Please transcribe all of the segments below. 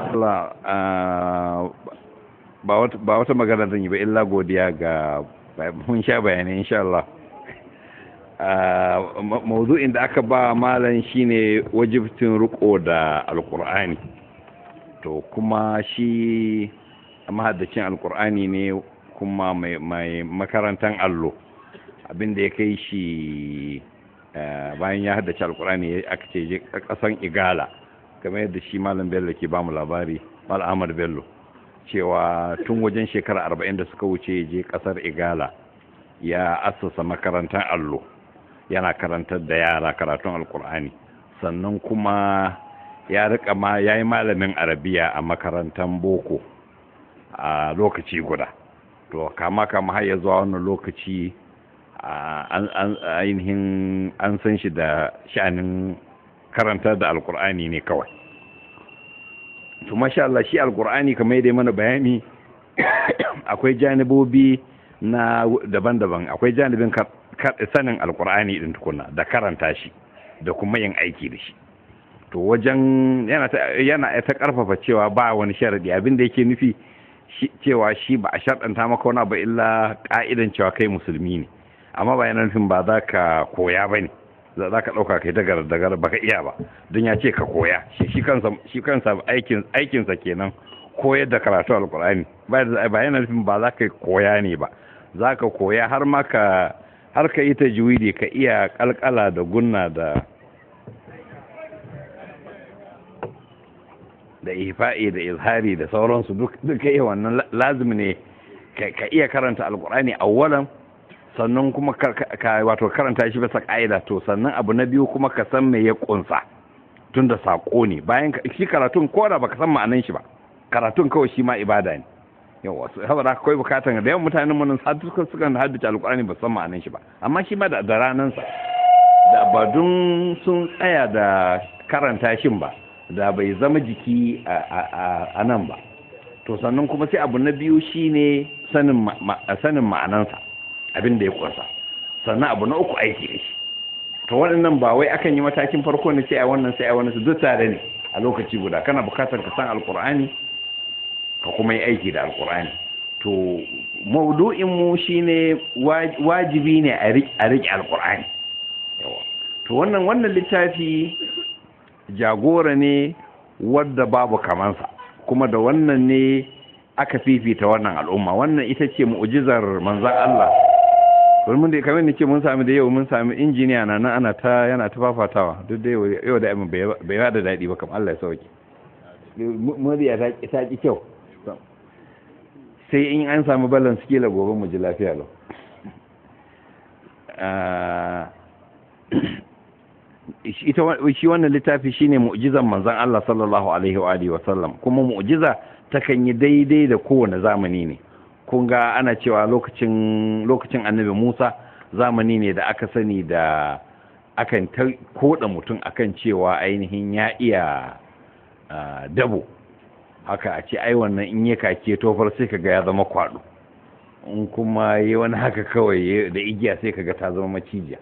Allah ah, ba wata magana zan yi ba illa godiya ga mun sha bayanai insha Allah ah, mawdu'in da aka ba malam shine wajibtin riko da alkur'ani to kuma shi mahaddacin alkur'ani ne kuma mai makarantar allo abinda ya kai shi eh, bayan ya haddace alkur'ani aka ce kasan igala kamar yadda shi malam bello ke bamu labari mal'amar bello cewa tun wajen shekara arba'in da suka wuce je kasar igala ya assasa makarantar allo yana karantar da yara karatun alkur'ani sannan kuma ya rika ma ya yi malamin arabiya a makarantar boko a lokaci guda to kama kama har ya zuwa wannan lokaci ainihin an san shi da sha'anin karanta da alkur'ani ne kawai to masha Allah shi alkur'ani kamar yadda mana bayani akwai janibobi na daban-daban akwai janibin sanin alkur'ani din tukuna da karanta shi da kuma yin aiki da shi to wajen yana ta karfafa cewa ba wani sharadi abin da yake nufi cewa shi ba a shaɗanta maka wani ba illa ka'idan cewa kai musulmi ne amma ba yana nufin ba za ka koya ba ne za ka ɗauka kai dagar dagar baka iya ba don ya ce ka koya shi kansa aikinsa kenan koyar da karatu alkur'ani ba yana nufin ba za ka koya ne ba za ka koya har ma ka har ka yi ta juwidi ka iya kalkala da gunna da da ifa'i da izhari da sauransu duk ka iya wannan lazim ne ka iya karanta alkur'ani awwalan sannan kuma ka wato karanta shi bisa ka'ida to sannan abu na biyu kuma ka san me ya kunsa tun da sako ne bayan shi karatun ko da baka san ma'anan shi ba karatun kawai shi ma ibada ne yawa da haka kai bukatan da yawan mutanen mu nan suka haddace alkurani ba san ma'anan shi ba amma shi ma da ranan sa da ba sun tsaya da karanta shin ba da bai zama jiki a nan ba to sannan kuma sai abu na biyu shine sanin ma'anansa abin da ya kunsa sannan abu na uku aiki da shi to waɗannan ba wai akan yi matakin farko ne sai a wannan sai a wannan su duk tare ne a lokaci guda kana bukatar ka san alkur'ani ka kuma yi aiki da alkur'ani to maudu'in mu shine wajibi ne a riƙe alkur'ani to wannan wannan littafi jagora ne wadda babu kamansa kuma da wannan ne aka fifita wannan al'umma wannan ita ce mu'jizar manzon Allah domin da kamar nake mun sami da yau mun sami injiniya na nan ana ta yana ta fafatawa duk da yau da abin bai ba da daɗi ba kamar Allah ya sauke murya ta ki kyau sai in an samu balance la gobe mu ji lafiya lau ah, shi wannan littafi shine mu'jizan manzon Allah sallallahu alaihi wa alihi wa sallam kuma mu'jiza takan yi daidai da kowane zamani ne kun ana cewa lokacin annabi musa zamani ne da aka sani da akan koda mutum akan cewa ainihin ya iya dabo haka a ce ai wannan in ya kake tofar sai kaga ya zama kwado in kuma yi wani haka kawai da igiya sai kaga ta zama macijiya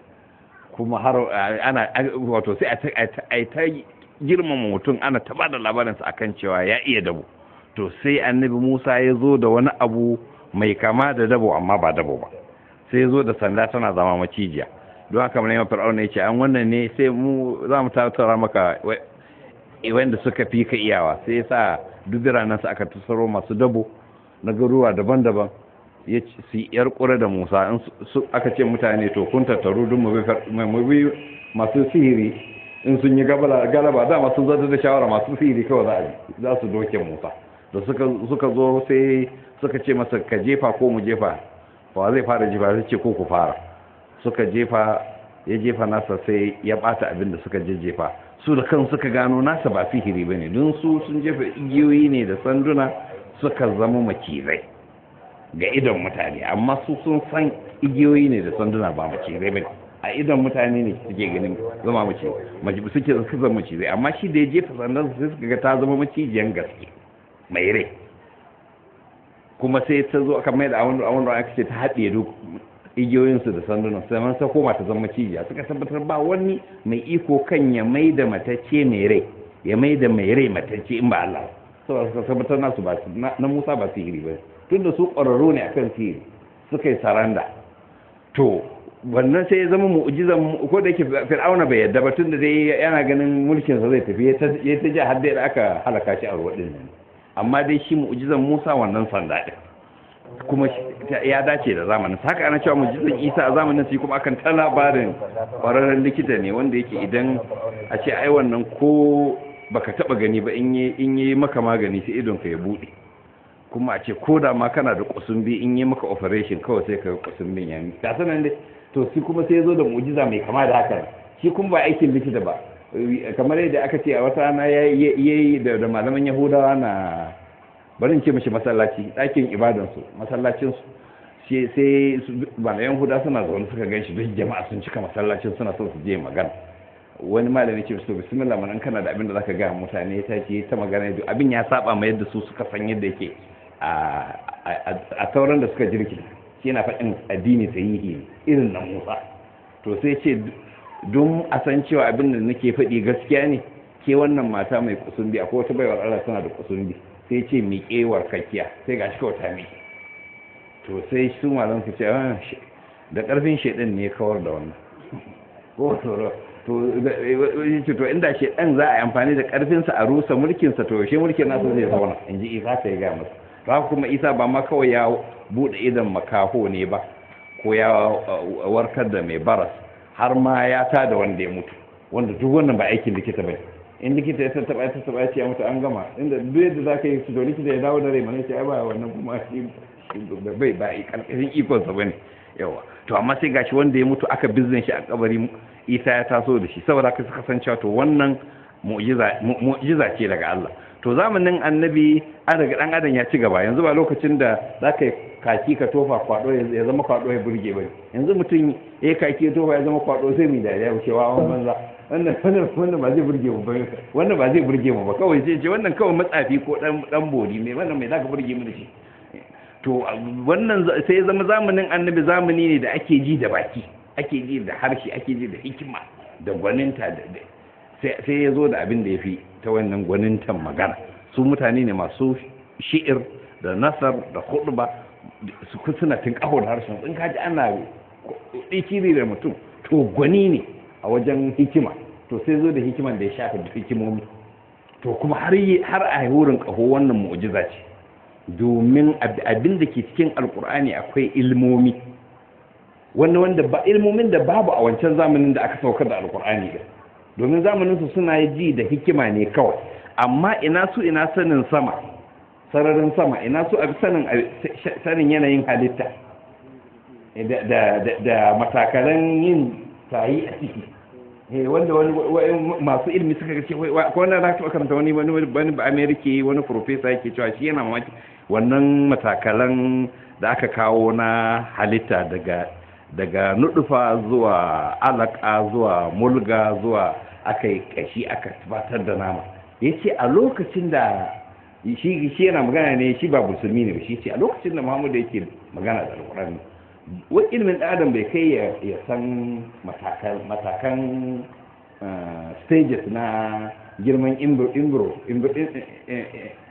kuma har ana wato sai a ta girmama mutum ana taba da labarinsa akan cewa ya iya dabo to sai annabi musa ya zo da wani abu mai kama da dabo amma ba dabo ba sai zo da sanda tana zama macijiya don haka mai mafi fir'auna ya ce an wannan ne sai mu za mu tattara maka wanda suka fi ka iyawa sai ya sa dubira nan su aka tasaro masu dabo na garuwa daban-daban ya su yar kura da musa in aka ce mutane to kun tattaru don mu masu sihiri in sun yi galaba dama sun zata da shawara masu sihiri kawai za su doke musa da suka zo sai suka ce masa ka jefa ko mu jefa ba zai fara jefa sai ce ko ku fara suka jefa ya jefa nasa sai ya bata abin da suka jefa su da kan suka gano nasa ba sihiri bane don su sun jefa igiyoyi ne da sanduna suka zama makizai ga idon mutane amma su sun san igiyoyi ne da sanduna ba makizai bane a idon mutane ne suke ganin zama mace suke zama mace amma shi da ya jefa sandan sai suka ga ta zama macijiyan gaske mai rai kuma sai ta zo aka mai da awon awon aka ce ta haɗe duk igiyoyinsu da sandunan sai man koma ta zama cijiya suka tabbatar ba wani mai iko kan ya mai da matacce mai rai ya mai da mai rai matacce in ba Allah saboda suka tabbatar nasu ba na Musa ba sihiri ba tunda su ƙwararru ne akan sihiri suka yi saranda to wannan sai ya zama mu'jizan ko da yake fir'auna bai yadda ba tunda dai yana ganin mulkin sa zai tafi ya ta ji har da aka halaka shi a ruwa din nan amma dai shi mu'jizan Musa wannan sanda din kuma ya dace da zamanin haka ana cewa mu'jizan Isa a zamanin sai kuma akan ta labarin kwararren likita ne wanda yake idan a ce ai wannan ko baka taba gani ba in yi in yi maka magani sai idon ka ya bude kuma a ce ko da ma kana da kusumbi in yi maka operation kawai sai ka kusumbin yan mi sanan dai to shi kuma sai ya zo da mu'jiza mai kama da haka shi kuma ba aikin likita ba kamar yadda aka ce a wata rana ya yi da malaman yahudawa na barin ce mashi masallaci ɗakin ibadansu masallacinsu sai malayan huda suna zaune suka gan shi don jama'a sun cika masallacin suna son su je magana wani malami ce su sunan lamarin kana da abin da ka ga mutane ta ce ta magana yadda abin ya saba ma yadda su suka san yadda yake a sauran da suka shi yana faɗin addini sahihi irin na Musa to sai ce don a san cewa abin da nake faɗi gaskiya ne ke wannan mata mai kusumbi akwai wata baiwar Allah suna da kusumbi sai ce mi kewar kakkiya sai gashi kawai ta mi to sai su malam su ce ah, da ƙarfin shedan ne kawar da wannan ko tsoro to yace to inda shedan za a yi amfani da ƙarfinsa a rusa mulkinsa to yaushe mulkin nasu zai zauna in ji isa ta ga masa ba kuma isa ba ma kawai ya buɗe idan makaho ne ba ko ya uh, warkar da mai baras har ma ya ta da wanda ya mutu wanda duk wannan ba aikin likita bai in likita ya san taba ta taba ce ya mutu an gama inda duk yadda za ka yi su da likita ya dawo da rai mana ce ai ba wannan kuma shi bai ba karkashin ikon sa bane yawa to amma sai gashi wanda ya mutu aka bizne shi a kabari Isa ya taso da shi saboda haka suka san cewa to wannan mu'jiza mu'jiza ce daga Allah to zamanin annabi an daga dan adam ya ci gaba yanzu ba lokacin da za ka yi kaki ka tofa kwado ya zama kwado ya burge ba yanzu mutum ya yi kaki ya tofa ya zama kwado sai mai dariya ba cewa wani banza wannan ba zai burge mu ba wannan ba zai burge mu ba kawai sai ce wannan kawai matsafi ko dan dan bodi mai wannan mai zaka burge mu da shi to wannan sai zama zamanin annabi zamani ne da ake ji da baki ake ji da harshe ake ji da hikima da gwaninta da sai ya zo da abin da ya fi ta wannan gwanintan magana su mutane ne masu shi'ir da nasar da khutba su suna tun kaho da harshen in kaji ana ikiri da mutum to gwani ne a wajen hikima to sai zo da hikiman da ya shafi da hikimomi to kuma har har a wurin kaho wannan mu'jiza ce domin abin da ke cikin alkur'ani akwai ilmomi wanda wanda ba ilmomin da babu a wancan zamanin da aka saukar da alkur'ani din domin zamaninsu suna yi ji da hikima ne kawai amma ina su ina sanin sama sararin sama ina su a sanin sanin yanayin halitta da matakalan yin tayi a ciki eh, wanda wani masu ilmi suka ce ko wanda za ta karanta wani wani ba amerika wani profesa yake cewa shi yana mamaki wannan matakalan da aka kawo na halitta daga daga nudufa zuwa alaka zuwa mulga zuwa aka yi kashi aka tabbatar da nama ya ce a lokacin da shi yana magana ne shi ba musulmi ne shi ce a lokacin da muhammadu yake magana da alƙur'ani wani ilimin ɗan adam bai kai ya san matakan eh, stages na girman eh, eh,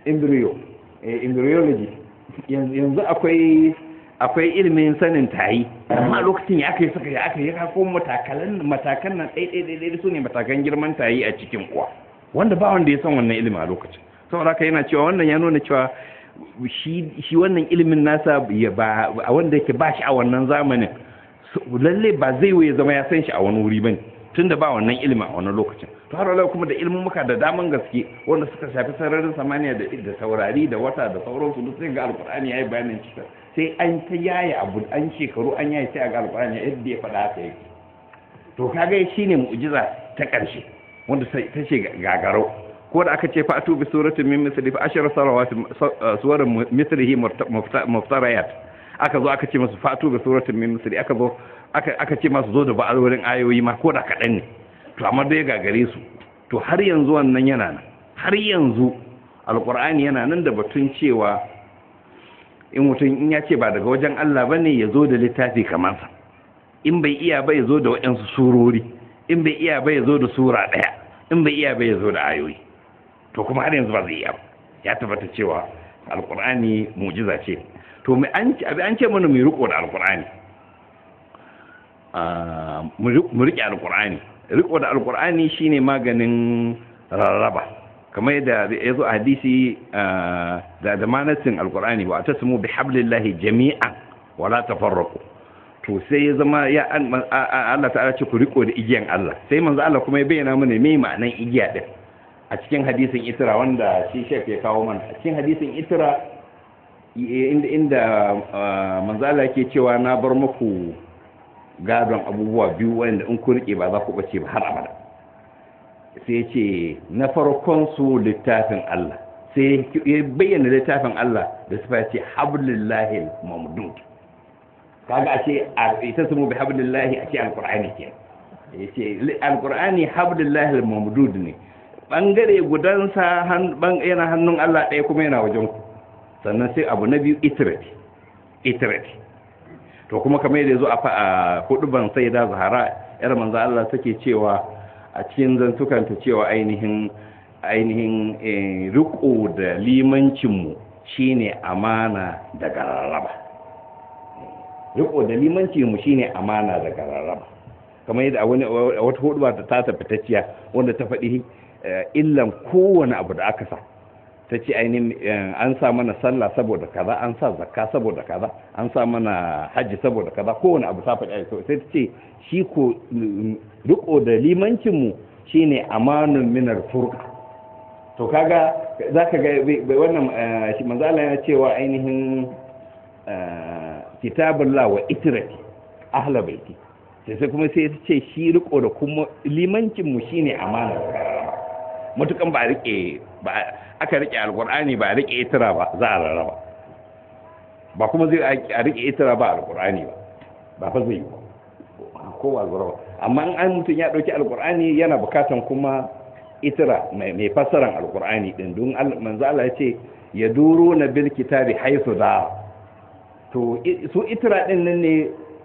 embryo embryology yanzu akwai akwai ilimin sanin tayi amma lokacin ya aka yi saka yi aka yi ko matakan matakan nan ɗai ɗai ɗai su ne matakan girman tayi a cikin uwa wanda ba wanda ya san wannan ilimin a lokacin saboda haka yana cewa wannan ya nuna cewa shi wannan ilimin nasa ya ba a wanda yake ba shi a wannan zamanin lalle ba zai ya zama ya san shi a wani wuri bane tun da ba wannan ilimin a wannan lokacin to har wala kuma da muka da daman gaske wanda suka shafi sararin samaniya da da saurari da wata da sauransu duk sai ga alqur'ani yayi bayanin shi sai an ta yaya abu an shekaru an yayi sai ga alqur'ani yadda ya faɗa haka yake to kaga shine mu'jiza ta ƙarshe wanda ta ce gagaro ko da aka ce fa atu bi suratin min misli fa ashara sarawat suwarin muftariyat aka zo aka ce masu fatu ga suratun min misri aka zo aka ce masu zo da ba'arorin ayoyi ma ko da kaɗan ne to amma dai gagare su to har yanzu wannan yana nan har yanzu alƙur'ani yana nan da batun cewa in mutum in ya ce ba daga wajen Allah bane ya zo da littafi kamar sa in bai iya ba ya zo da waɗansu surori in bai iya ba ya zo da sura ɗaya in bai iya ba ya zo da ayoyi to kuma har yanzu ba zai iya ba ya tabbata cewa alkur'ani mu'jiza ce to mai an ce an ce mana mu riko da alqur'ani ah, mu rike alqur'ani riko da alqur'ani shine maganin rarraba kamar da yazo zo hadisi ah, da da damanatin alqur'ani wa tasmu bi hablillahi jami'an wala tafarraqu to sai ya zama ya Allah ta'ala ce ku riko da igiyan Allah sai manzo Allah kuma ya bayyana mana me ma'anan igiya din a cikin hadisin itira wanda shi shef ya kawo mana a cikin hadisin itira inda inda ah, Manzala yake cewa na bar muku gadon abubuwa biyu wanda in kun rike ba za ku bace ba har abada sai ce na farkon su littafin Allah sai ya bayyana littafin Allah da sifa ce hablillahi mamdud kaga a ce ita su mu bi hablillahi a ce alqur'ani ke ya ce alqur'ani hablillahi mamdud ne bangare gudansa yana hannun Allah ɗaya kuma yana wajen ku sannan sai abu na biyu itirati itirati to kuma kamar yadda zo a hudu ban sai da zahara yar manzo Allah take cewa a cikin zantukanta cewa ainihin ainihin eh, riko da mu shine amana da gararraba riko da mu shine amana da gararraba kamar yadda a wata hudu ba ta fitacciya wanda ta faɗi eh, illan kowane abu da aka sa ta ce ainihin eh, an sa mana sallah saboda kaza an sa zakka saboda kaza an sa mana hajji saboda kaza kowane abu ta faɗi sai ta ce shi ko mm, riko da limancinmu shine amanun minar furqa to kaga zaka ga wannan eh, shi manzo Allah ya cewa ainihin eh, kitabullah wa itrati ahla baiti sai sai kuma sai ta ce shi riko da kuma limancinmu shine amana matukan ba rike ba aka rike alkur'ani ba a rike itira ba za a rarraba ba kuma zai a rike itira ba alkur'ani ba ba fa zai yi ba kowa ba amma in an mutum ya ɗauki alkur'ani yana bukatan kuma itira mai fassaran alkur'ani din don manzo Allah ya ce ya duro na bil kitabi haisu da to su itira din nan ne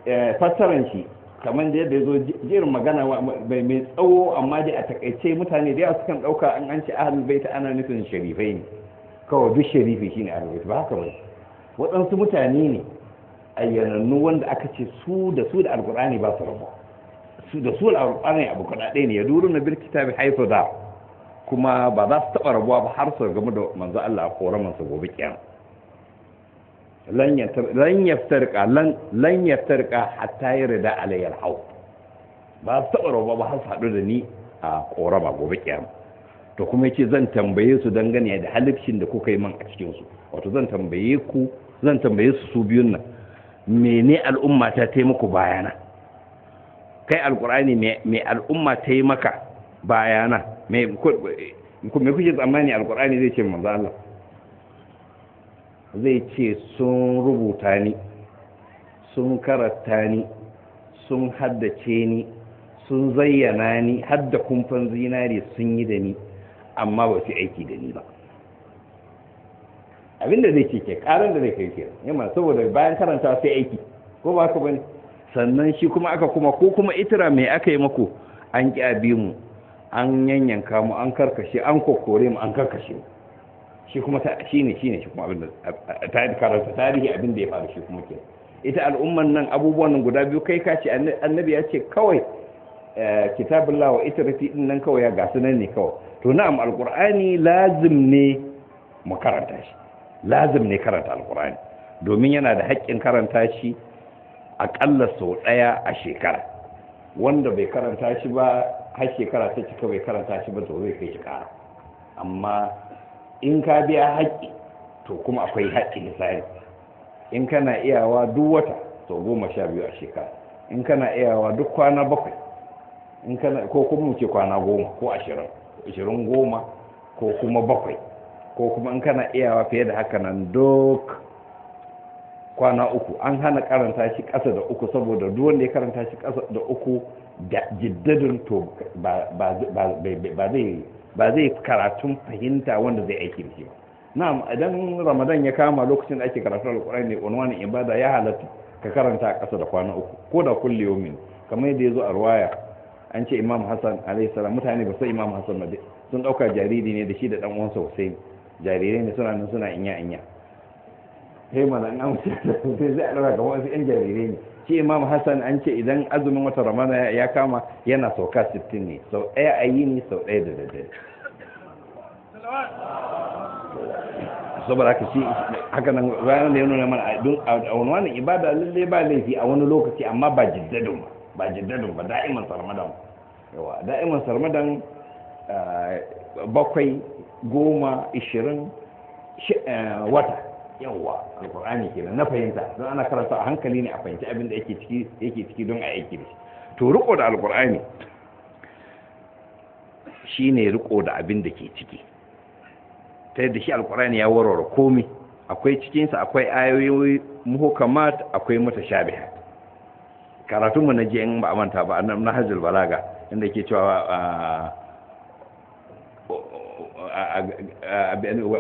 eh, fassaran shi kamar da yadda ya zo jerin magana bai mai tsawo amma dai a takaice mutane da yawa sukan ɗauka an an ce bai ta ana nufin sharifai ne kawai duk sharifi shi ne bait ba haka bai waɗansu mutane ne ayyanannu wanda aka ce su da su da alƙur'ani ba su rabu su da su da alƙur'ani abu kana ɗaya ne ya duru na birkita bi haifu da kuma ba za su taɓa rabuwa ba har su gamu da manzo Allah a koran gobe kiyama lan tarka lan tarka hatta ya rida alayyar hau ba su taɓa roba ba har haɗu da ni a ba gobe kiyama to kuma yace zan tambaye su dangane da halifcin da kuka yi man a cikin su wato zan tambaye ku zan tambaye su su biyun nan mene al'umma ta ta muku bayana kai Al-Qur'ani me al'umma ta yi maka bayana me kuke tsammani Al-Qur'ani zai ce manzo Allah zai ce sun rubuta ni sun karatta ni sun haddace ni sun zayyana ni hadda kumfan zinari sun yi da ni amma ba su aiki da ni ba abinda zai ce ke karin da zai kai ke yamma saboda bayan karanta sai aiki ko ba ka bane sannan shi kuma aka kuma ko kuma itira mai aka yi mako an ƙi abi mu an yanyanka mu an karkashe an kokore mu an karkashe mu shi kuma shi ne shi ne shi kuma abin da ta karanta tarihi abin da ya faru shi kuma ke ita al'umman nan abubuwan nan guda biyu kai kace annabi ya ce kawai eh, kitabullah wa rafi din nan kawai ya gasu nan ne kawai to na'am alqur'ani lazim ne mu karanta shi lazim ne karanta alqur'ani domin yana da haƙƙin karanta shi aƙalla sau ɗaya a shekara wanda bai karanta shi ba har shekara ta cika bai karanta shi ba to zai kai shi ƙara amma in ka biya haƙƙi to kuma akwai haƙƙi misali in kana iyawa duk wata to goma sha biyu a shekara in kana iyawa duk kwana bakwai in kana ko kuma mu ce kwana goma ko ashirin ashirin goma ko kuma bakwai ko kuma in kana iyawa fiye da haka nan duk kwana uku an hana karanta shi ƙasa da uku saboda duk wanda ya karanta shi ƙasa da uku da jiddadin to ba zai ba zai karatun fahimta wanda zai aiki da shi ba na'am idan ramadan ya kama lokacin da ake karatun alkur'ani ne, wani ibada ya halatta ka karanta a ƙasa da kwana uku ko da kulle yomin kamar yadda ya zo a ruwaya an ce imam hassan alayhi salam mutane ba sai imam hassan ba sun ɗauka jariri ne da shi da ɗan uwansa hussein jarirai ne suna nan suna inya inya sai mana an wuce sai zai ɗaura ga wasu yan jarire ne shi imam hassan an ce idan azumin wata ramana ya kama yana sauka 60 ne sau ɗaya a yi ne sau ɗaya da daddare saboda haka shi haka nan ranar da ya nuna mana a wani wani ibada lallai ba laifi a wani lokaci amma ba jiddadin ba jiddadin ba da'iman sarmadan yawa da'iman sarmadan eh, bakwai goma ishirin eh, wata yawa alkur'ani kenan na fahimta don ana karanta a hankali ne a fahimci abin da yake ciki yake ciki don a aiki shi to riko da alkur'ani shine riko da abin da ke ciki ta yadda shi alkur'ani ya warware komai akwai cikinsa akwai ayoyi muhukamat akwai mutashabihat karatunmu na je in ba manta ba na hajjul balaga inda ke cewa ah,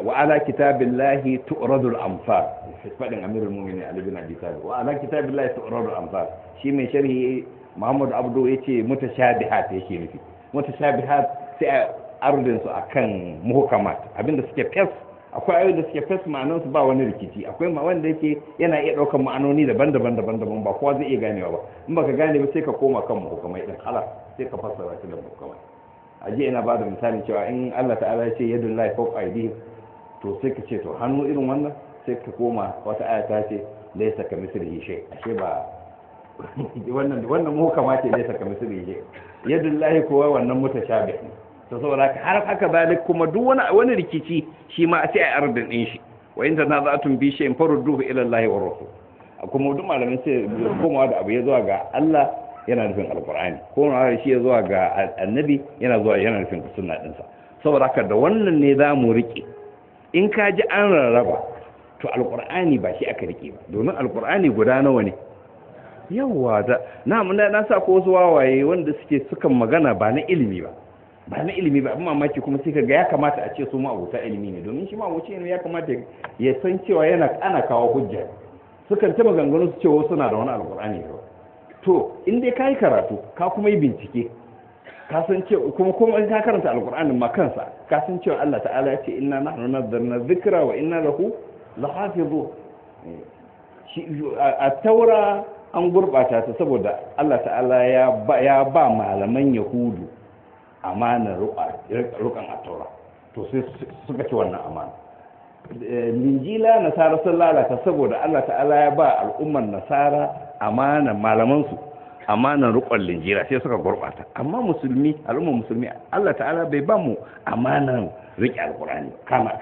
wa ala kitabillahi tu'radul amsal fadin amirul mu'minin ali bin abi talib wa ala kitabillahi tu'radul amsal shi mai sharhi muhammad abdu yace mutashabihat yake nufi mutashabihat sai a ardin su akan muhkamat abinda suke fes akwai ayoyi da suke fes ma'anar su ba wani rikici akwai ma wanda yake yana iya daukar ma'anoni daban-daban daban-daban ba kowa zai iya ganewa ba in baka gane ba sai ka koma kan muhkamai din kala sai ka fassara shi da muhkamai a jiya ina ba da misali cewa in Allah ta'ala ya ce yadun lahi fawqa aydihim to sai ka ce to hannu irin wannan sai ka koma wata aya ta ce laysa ka mislihi shay ashe ba wannan wannan mu kama ce laysa ka mislihi shay yadun lahi kowa wannan mutashabih ne to saboda haka har haka zalik kuma duk wani wani rikici shi ma sai a ardin din shi wa za tun bi shay'in farudduhu ila Allah wa rasul kuma duk malamin sai komawa da abu ya zuwa ga Allah yana nufin alkur'ani wani shi ya zuwa ga annabi yana zuwa yana nufin sunna dinsa saboda haka da wannan ne za mu riƙe in ka ji an rarraba to alkur'ani ba shi aka riƙe ba domin alkur'ani guda nawa ne yawa da na mun na sa ko wasu wawaye wanda suke sukan magana ba na ilimi ba ba na ilimi ba amma mamaki kuma sai kaga ya kamata a ce su ma abota ilimi ne domin shi ma abota ilimi ya kamata ya san cewa yana ana kawo hujja sukan ta maganganu su ce wasu na da wani alkur'ani to in dai ka yi karatu ka kuma yi bincike ka san cewa kuma kuma in ka karanta alkur'ani ma kansa ka san cewa Allah ta'ala ya ce inna nahnu nazzalna dhikra wa inna lahu lahafizun eh, a taura an gurbata ta saboda Allah ta'ala ya ba ya ba malaman yahudu amana rukan a taura to sai suka ci wannan amana eh, linjila nasara sun lalata saboda Allah ta'ala ya ba al'ummar nasara amanar malamansu amanar rukon linjira sai suka gurbata amma musulmi al'ummar musulmi Allah ta'ala bai ba mu amanar riƙe alƙur'ani kana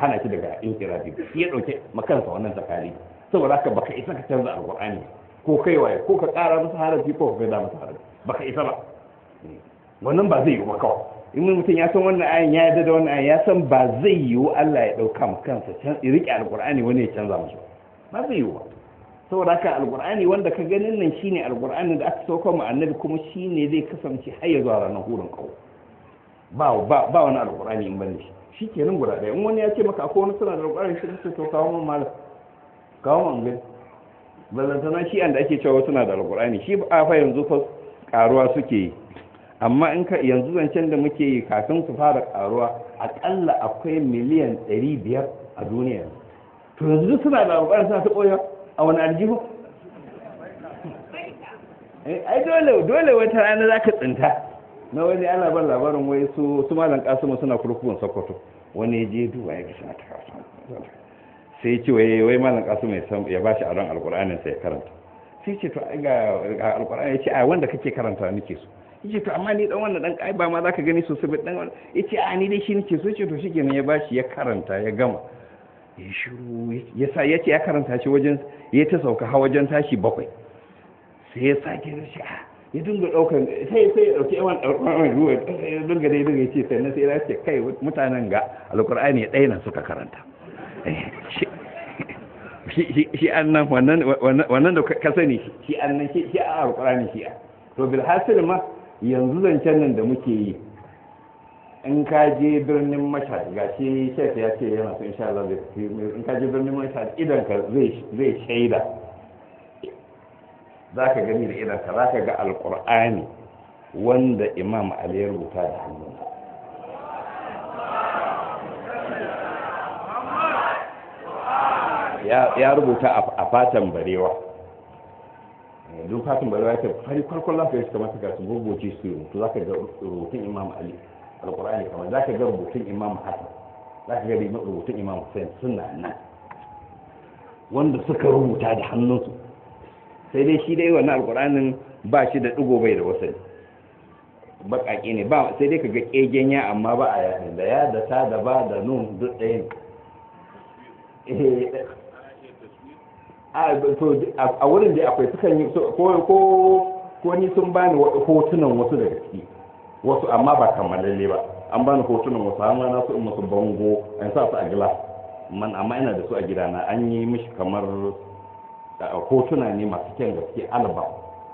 hana shi daga bi shi ya ɗauke makansa wannan zakari saboda haka baka isa ka canza alƙur'ani ko kai waye ko ka ƙara masa harafi ko ka da masa harafi baka isa ba wannan ba zai yi ba kawai in mutum ya san wannan ayan ya yarda da wannan ayan ya san ba zai yiwu Allah ya ɗauka kansa can riƙe alƙur'ani wani ya canza musu ba zai yiwu ba saboda haka alkur'ani wanda ka ganin nan shine alkur'ani da aka sauka mu annabi kuma shine zai kasance har ya zuwa ranar hurin kawo ba ba ba wani alkur'ani in bane shi Shikenan guda ɗaya in wani ya ce maka akwai wani suna da alkur'ani shi ne to kawo mun malam kawo mun gani na shi an da ake cewa suna da alkur'ani shi ba fa yanzu fa karuwa suke yi amma in ka yanzu zancen da muke yi kafin su fara karuwa akalla akwai miliyan 500 a duniya to yanzu suna da alkur'ani suna ta koyar a wani aljihu eh, ai dole dole wata rana za ka tsinta na wani ana ban labarin wai su su malam kasimu suna kurkukun sokoto wani ya je duba ya gashi na ta sai ce wai wai malam kasimu ya san ya bashi aron alkur'anin sai ya karanta sai ce to ga alkur'ani ya ce a wanda kake karanta nake so yace to amma ni dan wannan dan kai ba ma zaka gani sosai ba dan wannan yace a ni dai shi nake so ce to shikenan ya bashi ya karanta ya gama ya shiru sa ya ce ya karanta shi wajen ya ta sauka ha wajen tashi bakwai sai ya ke na shi ah, ya dinga daukan sai sai ya dauki yawan daukan ruwa ya dinga dai dinga ce sannan sai ya ce kai mutanen ga Alƙur'ani ɗaya nan suka karanta eh, shi annan wannan da ka sani shi annan shi a alkur'ani shi a to bil hasil ma yanzu zancen nan da muke yi in ka je birnin mashhad ga shi shek ya ce yana so insha Allah zai in ka je birnin mashhad idan ka zai shaida zaka gani da idan ka zaka ga alqur'ani wanda imam ali ya rubuta da hannu ya rubuta a fatan barewa eh, duk fatan barewa ya ce farkon lafiya su kamata ga su gogoci su rubutu za ka ga rubutun imam ali alqur'ani kamar za ka ga rubutun imam hasan za ka ga rubutun imam hussein suna nan wanda suka rubuta da hannunsu sai dai shi dai wannan alqur'anin ba shi da digo bai da wasali baƙaƙe ne ba sai dai ka ga ƙegen ya amma ba a yasin da ya da ta da ba da nun duk ɗaya ne eh, a wurin da akwai sukan yi ko ko ni sun bani hotunan wasu daga ciki wasu amma ba kamalalle ba an bani hotunan wasu amma na su musu bango an sa su a gila man amma ina da su a gidana an yi mishi kamar hotuna ne masu kyan gaske alba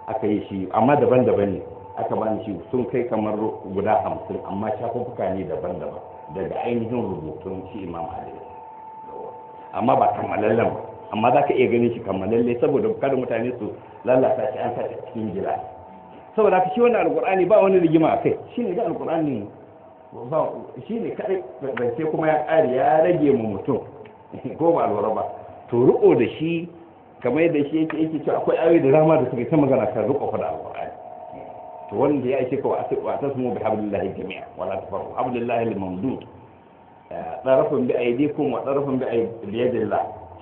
aka yi shi amma daban-daban ne aka bani shi sun kai kamar guda hamsin amma shafuffuka ne daban-daban daga ainihin rubutun shi imam ali amma ba kammalallen ba amma za ka iya ganin shi kammalalle saboda kada mutane su lalata shi an sa cikin gila saboda ka shi wannan alkur'ani ba wani rigima a kai shi ne ga alkur'ani shi ne kaɗai zance kuma ya ƙari ya rage mu mutum ko ba alwara ba to riƙo da shi kamar yadda shi yake yake cewa akwai ayoyi da dama da suke ta magana ka riƙo fa da alkur'ani to wanda ya ce kawai a sumu bi hablillahi jami'a wala tafarru hablillahi al-mamdud eh, tarafin bi aydikum wa tarafin bi shi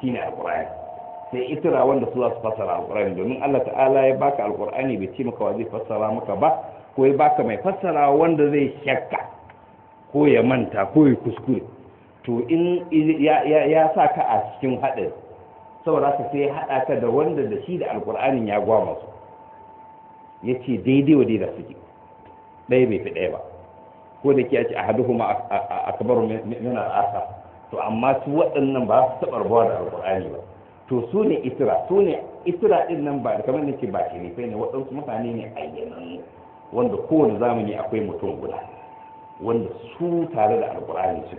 shine alkur'ani sai itira wanda su za su fassara alkur'ani domin Allah ta'ala ya baka alkur'ani bai ce maka wa zai fassara maka ba ko ya baka mai fassara wanda zai shakka ko ya manta ko ya kuskure to in ya sa ka a cikin haɗin saboda ka sai ya haɗa ka da wanda da shi da alkur'ani ya gwama su ya ce daidai wa daidai suke ɗaya bai fi ɗaya ba ko da ke ce a haɗu kuma a kabar min asa to amma su waɗannan ba su taɓa da alkur'ani ba to su ne isra su ne isra din nan ba kamar ke ba ke sai ne waɗansu mutane ne ne wanda kowane zamani akwai mutum guda wanda su tare da Alƙur'ani su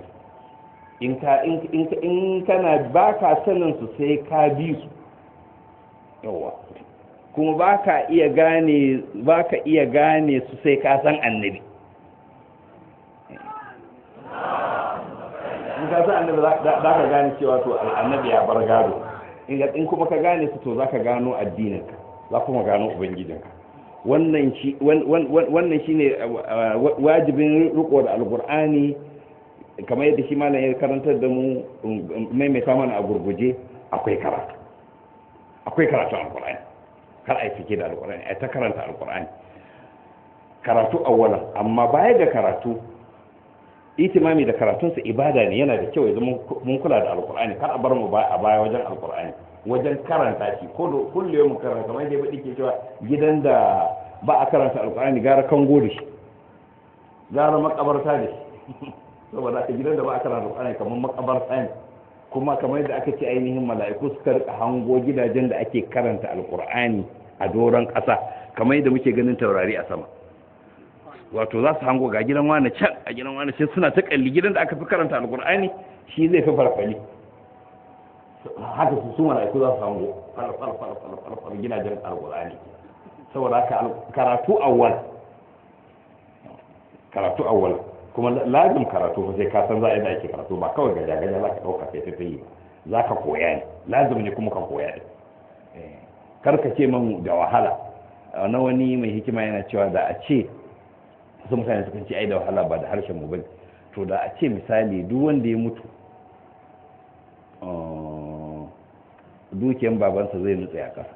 in ka in kana ba ka sanin su sai ka bi su yawa kuma ba ka iya gane ba ka iya gane su sai ka san annabi in ka san annabi za ka gane cewa to annabi ya bar gado in kuma ka gane su to za ka gano addininka za kuma gano ubangijinka wannan shi ne uh, uh, wajibin riko da alkur'ani kamar yadda shi malam ya karantar da mu um, um, maimaita mana a gurguje akwai karatu akwai karatu alkur'ani kar a yi fike da alkur'ani a ta karanta alkur'ani karatu awwalan amma baya ga karatu itimami da karatunsa ibada ne yana da kyau ya zama mun kula da alkur'ani kar a bar mu a baya wajen alkur'ani wajen karanta shi ko da yau mu karanta kamar dai baɗi ke cewa gidan da ba a karanta alkur'ani gara kango da shi gara makabarta da shi saboda aka gidan da ba a karanta alkur'ani kamar makabarta ne kuma kamar da aka ce ainihin mala'iku suka rika hango gidajen da ake karanta alkur'ani a doron ƙasa kamar yadda muke ganin taurari a sama wato za su hango ga gidan wani can a gidan wani sai suna ta kalli gidan da aka fi karanta alkur'ani shi zai fi farfali haka su suma mala'iku za su hango farfar gidajen alkur'ani saboda haka karatu awal karatu awal kuma lazim karatu fa sai ka san za a yi da ake karatu ba kawai gaja gaja za ka ɗauka sai ta yi za ka koya ne lazim ne kuma ka koya ne eh, kar ka ce man da wahala na wani mai hikima yana cewa da a ce wasu mutane sukan ce ai da wahala ba da harshen mu bane to da a ce misali duk wanda ya mutu eh, dukiyan babansa zai nutse a ƙasa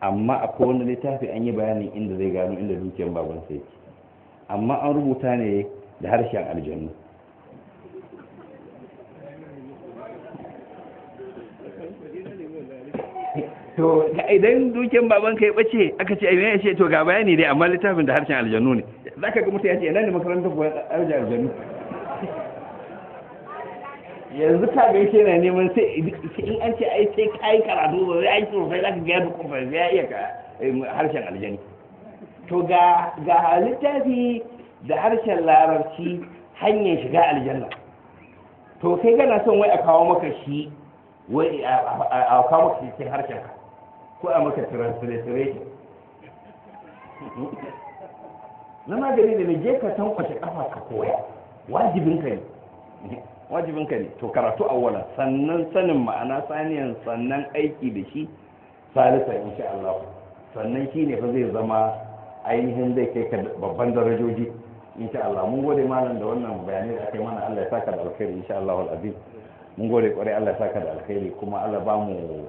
amma akwai wani littafi an yi bayanin inda zai gano inda dukiyan babansa yake amma an rubuta ne da harshen aljanna to idan dukiyar baban ka ya bace aka ce ya ce to ga bayani dai amma littafin da harshen aljannu ne za ga mutum ya ce nan da makaranta ko harshen aljannu yanzu ka ga yake na neman sai in an ce ai sai kai karatu ba ai sosai ka ga da kuma ya iya ka eh, harshen aljannu to ga ga littafi da harshen larabci hanyar shiga aljanna to kai gana son wai a kawo maka shi wai a kawo maka cikin harshen ka ko a maka translation na magani da je ka kwace kafa ka koya wajibinka ne wajibinka ne to karatu awwala sannan sanin ma'ana saniyan sannan aiki da shi salisa insha Allah sannan shi ne fa zai zama ainihin zai kai ka babban darajoji insha Allah mun gode malam da wannan bayanai da aka yi mana Allah ya saka da alkhairi insha Allah alazim mun gode kware Allah ya saka da alkhairi kuma Allah ba mu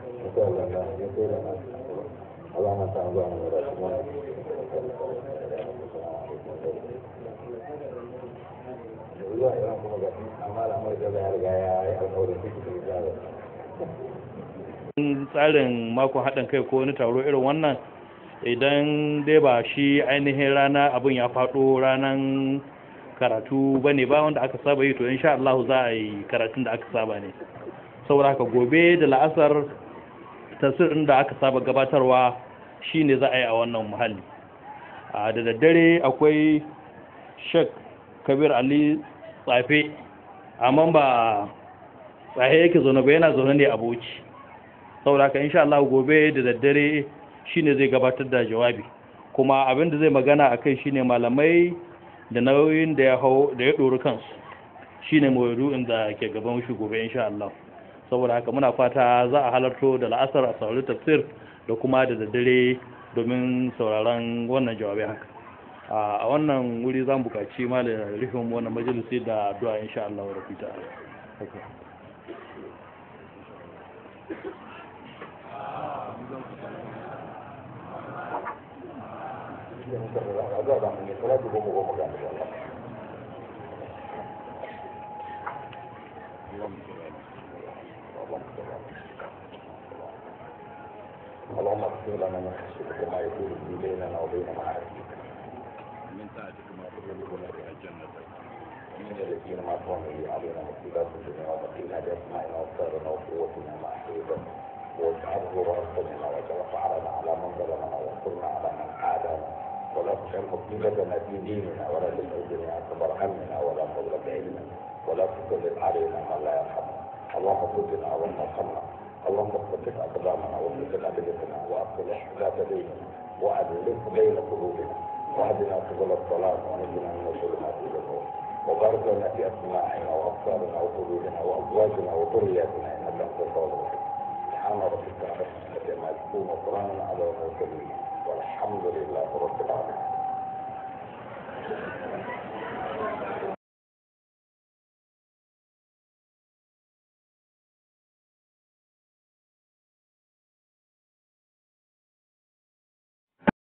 tsarin mako haɗin kai ko wani taro irin wannan idan dai ba shi ainihin rana abin ya faɗo ranar karatu ba ne ba wanda aka saba yi to insha Allah za a yi karatun da aka saba ne saboda haka gobe da la'asar Tasirin da aka saba gabatarwa shine za a yi a wannan muhalli da daddare akwai shek kabir ali tsafe amma ba tsaye yake zaune ba yana zaune ne a boci saboda haka insha Allah gobe da daddare shine zai gabatar da jawabi kuma abin da zai magana a kai shine malamai da nauyin da ya hau da ya ɗori kansu shine mawudu'in da ke gaban shi gobe insha Allah saboda haka muna fata za a halarto da la'asar a saurari tafsir da kuma da daddare domin sauraron wannan jawabai haka a wannan wuri zan bukaci malam rufin wannan majalisi da addu'a insha Allah wa Thank you. اللهم اغفر لنا من خشيتك ما يكون به بيننا وبين معاصيك ومن طاعتك ما تبلغنا بها جنتك ومن الذين ما تؤمن علينا مصيبات الدنيا وبقينا باسمائنا وابصارنا وقوتنا ما احييتنا واجعله راسنا واجعل على من ظلمنا وانصرنا على من عادانا ولا تجعل مصيبتنا في ديننا ولا في الدنيا اكبر همنا ولا قدرة علمنا ولا تسلط علينا من لا يرحمنا اللهم صدقنا وارحمنا اللهم اصلح اقدامنا واصلح ادلتنا واصلح ذات بيننا والف بين قلوبنا واهدنا سبل الصلاه ونجنا من الظلمات الى النور وبارك لنا في اسماعنا وابصارنا وقلوبنا وازواجنا وذرياتنا انك انت الصالح سبحان ربك رب العزه عما تكون وسلام على المرسلين والحمد لله رب العالمين